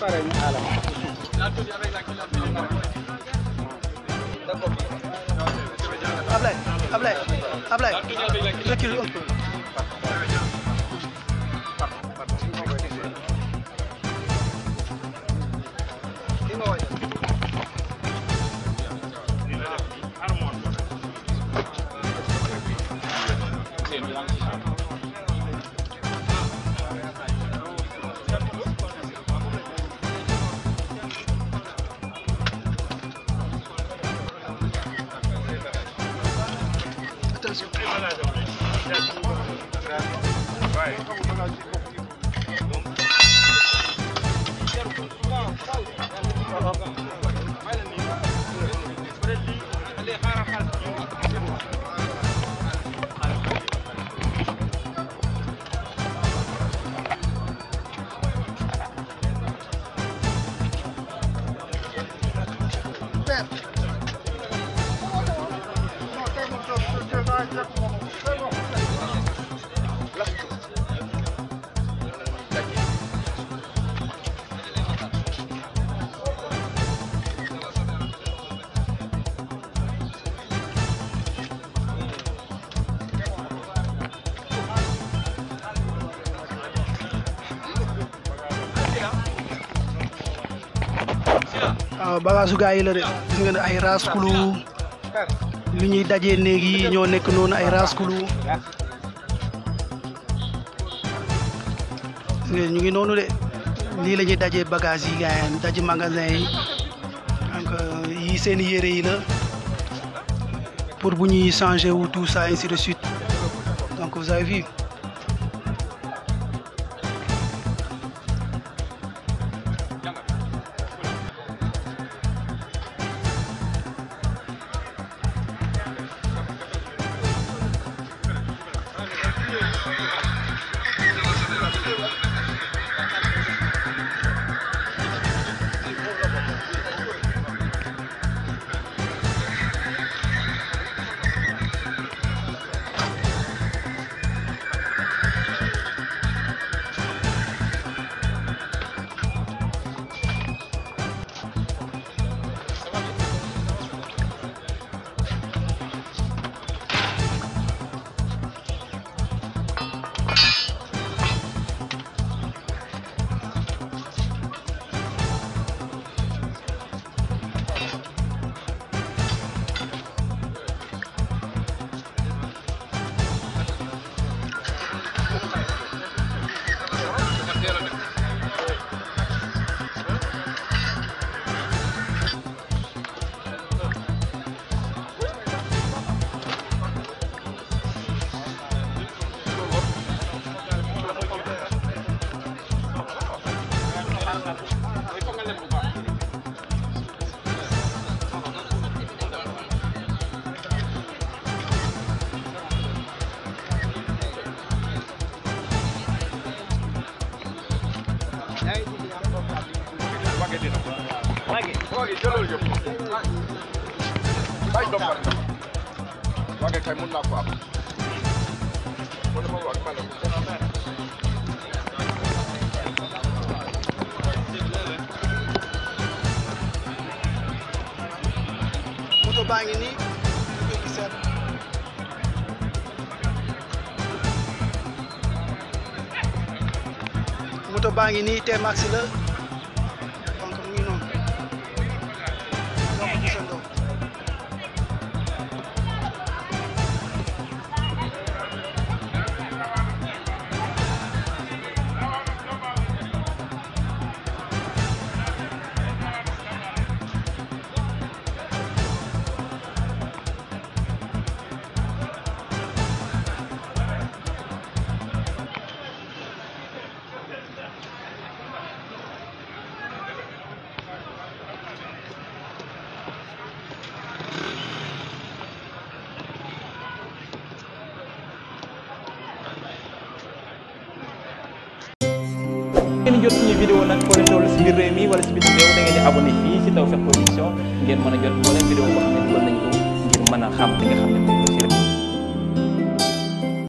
Ablaye Ablaye Ablaye recule un peu waaw ah, bagage la de gis nga ay raas kulu li ñuy dajee néeg ñoo nekk noonu ay raskulu ñu ngi noonu de lii la ñuy dajee bagage yi gars yi magasin yi donc euh, yii yére yi la pour bu ñuy changé wu tout ça ainsi de suite donc vous avez vu gi moto baa ngi nii ngi seet moto baa ngi nii te maxi ngeen jot suñu vidéo nag foo leen toll si biir réew si biir réew da ngeen di abonné fii si Tawfekh Production ngeen mën a jot moo leen vidéo boo xam ne dugal nañ ko a xam li nga